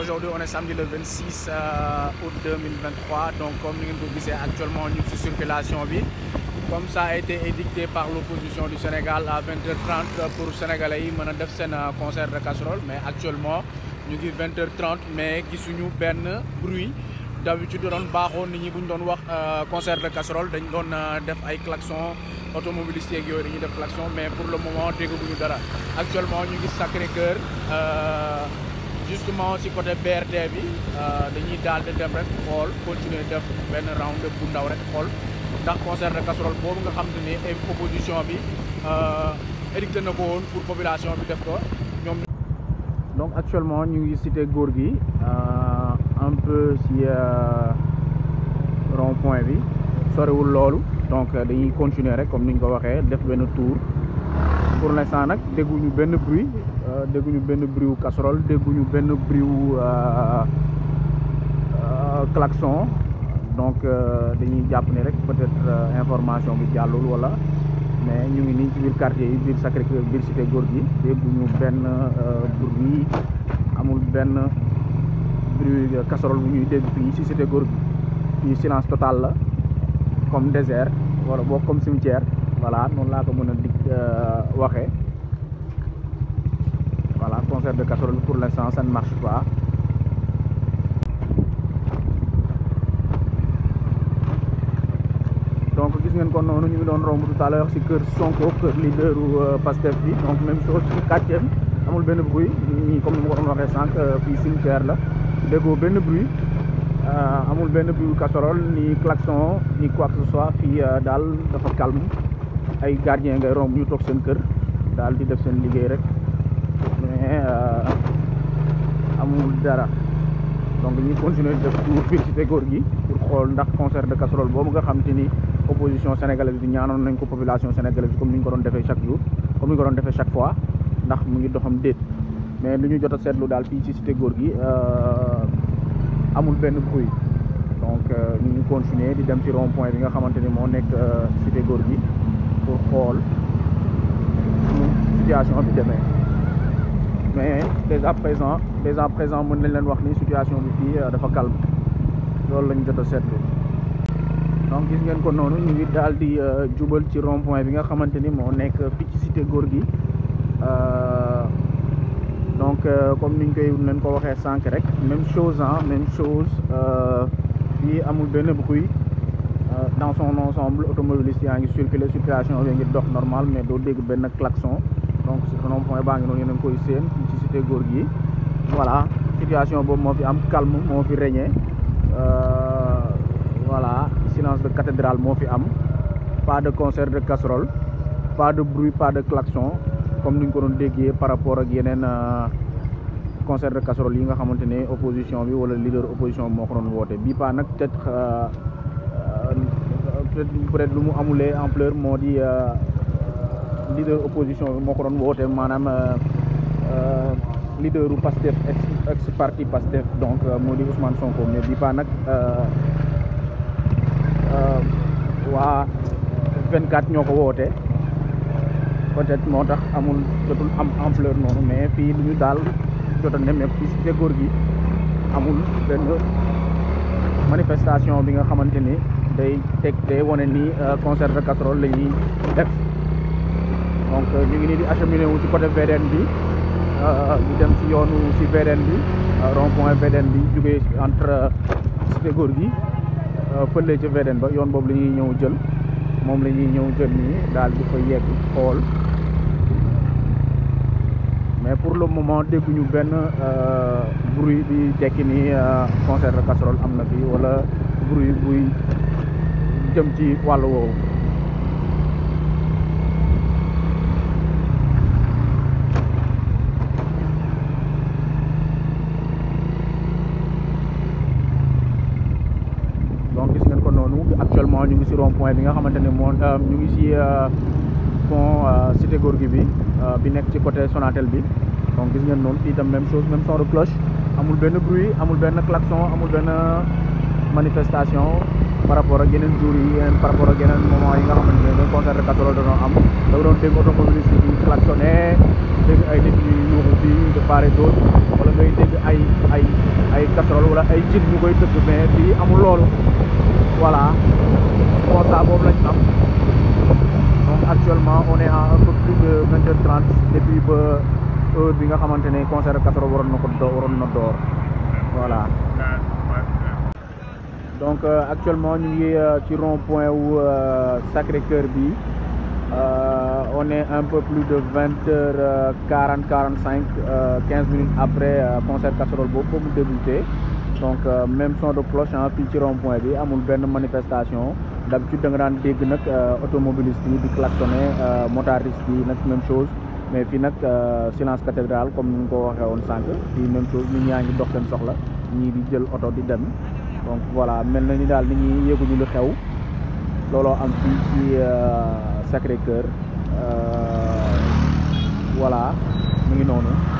Aujourd'hui, on est samedi le 26 euh, août 2023. Donc, comme nous le disons actuellement, nous sommes circulation. Comme ça a été édicté par l'opposition du Sénégal à 20h30 pour Sénégalais, ils ont un concert de casserole. Mais actuellement, nous sommes 20h30, mais qui sont ben bruit. d'habitude doon baaxoon un doon euh, concert de casserole dañ doon euh, def klaxon automobiliste yeeg a dañuy def klaxon mais pour le moment déggaguñu dara actuellement nous ngi Sacré-Cœur justement si côté BRD bi euh, dañuy dal di dem rek xool continuer def ben round bu ndaw rek xool ndax concert de casserole bobu nga xam te ne opposition bi euh édicté na ko woon pour population bi def ko ñom donc actuellement ñu ngi cité gui euh un peu si euh, rond point bi sori wul lolu donc euh, dañuy continuer rek comme ni ñu ko waxee def benn tour pour l'instant nag dégguñu ben bruit. Euh, dégguñu ben bruit wu casserole dégguñu ben bruit euh euh klaxon donc euh, dañuy japp né rek peut-être euh, information bi jallul wala mais ñu ngi nii ci biir quartier yi biir Sacré-Cœur biir Cité Gorgui dégguñu benn bruit amul ben bruit casserole bu ñuy dégg fi ci Cité Gorgui fi silence total la comme désert wala boo comme cimetière voilà non la ko mëna a dig waxé de casserole, pour l'instant, ça ne marche pas. donc gis ngeen ko noonu ñu ngi doon tout à l'heure ci kër Sonko cœur leaderu euh, pasteur bi donc même chose ci quartier amul un bruit Ni comme nous ma ko doon waxee sànq euh, fii cimetière la déggoo benn bruit euh, amul un bruit casserole ni klaxon ni quoi que ce soit fii daal dafa calme ay gardien ngay romb ñu toog seen kër daal di def seen liggéey rek mais euh, amul dara donc ñuy continuer def tour fii ci Tegor gi pour xool ndax concert de boobu nga xam ni opposition sénégalaise bi ñaanoon nañ ko population sénégalaise comme ni ñu ko doon defee chaque jour comme ni ñu ko doon ndax mu ngi doxam mais lu ñu jot a seetlu daal fii ci cité góor gi euh, amul benn bruit donc euh, ñu ngi continuer di dem si ron point bi nga xamante ni moo nekk cité góor gi pour xool situation bi demee. mais dès à présent dès à présent mën nañ leen wax ni situation bi fii euh, dafa calme loolu lañ jot a donc gis ngeen ko noonu ñu ngi daal di euh, jubal ci rond point bi nga xamanteni mo nek nekk cité góor euh, donc comme niñ koy leen ko waxee sank rek même chose hein, même chose fii amul benn bruit dans son ensemble automobiliste yaa ngi circuler circulation bi ngi dox normal mais do dégg ben klaxon donc rond point baa ngi noonu yéen a ngi koy séen ci cité góor gi voilà situation boobu moo am calme moo règne régné voilà silence de cathédrale moo am pas de concert de casserole pas de bruit pas de klaxon comme nous ñu ko par rapport ak yeneen concert de casserole yi nga a ne opposition bi wala leader opposition bi moo ko doon woote bii pas nag peut-être peut-être lu mu amulee ampleur moo Euh, leader opposition bi moo ko doon woote maanaam euh, euh, leaderu Pastef ex ex parti Pastef donc euh, moo di Ousmane Sonko mais bi nag waa 24 ñoo ko woote peut-être moo tax amul jotul am ampleur noonu mais fii lu ñu daal jot a nemmeeku fii si Teggoor gi amul benn manifestation bi nga xamante ni day teg day wane ni concert de casserole la def. donc euh, ñu ngi nii di acheminé wu ci côté VDN bi euh, ñu dem si yoonu si VDN bi euh, rond point VDN bi jugee entre cité góor gi fële ca VDN ba yoon boobu lañuy ñëw jël moom la ñuy ñëw jël nii daal di fa yegg xool mais pour le moment dégguñu benn bruit bi tekki nii concert de casserole am na fi wala bruit buy jëm ci wàll woowu. actuellement ñu ngi si rond point bi nga xamante ne moo euh, ñu ngi si euh, pont euh, cité Gorgui bi bi nekk ci côté Sonatel bi donc gis ngeen noonu fii tam même chose même son de cloche amul benn bruit amul benn klaxon amul benn manifestation par rapport ak yeneen jours yi yeneen par rapport ak yeneen moment yi nga xamante ne dañ concert de am da doon dégg automobiliste yi klaxonné dégg ay nit ñi yuuxu fii de part et wala ngay dégg ay ay ay casserole wala ay jit ñu koy tëgg mais amul loolu voilà ça maintenant donc actuellement on est à un peu plus de 20h30 depuis le heure au concert 4 heures voilà donc euh, actuellement nous y euh, au point où euh, sacré cœur euh, on est un peu plus de 20h40-45, 15 minutes après le concert Casserole pour pour débuter. donc euh, même son de cloche ah fii ci rond point bi amul benn manifestation d'habitude da nga daan dégg nag euh, automobiliste yi di klaxonné euh, motardiste yi nag même chose mais fii nag silence cathédrale comme ni ñu ko waxee woon sànq fii même chose nit ñaa ngi dox seen soxla nii di jël oto di dem donc voilà mel na ni daal nit ñi yéeguñu lu xew looloo am fii ci Sacré Cœur voilà mu ngi noonu.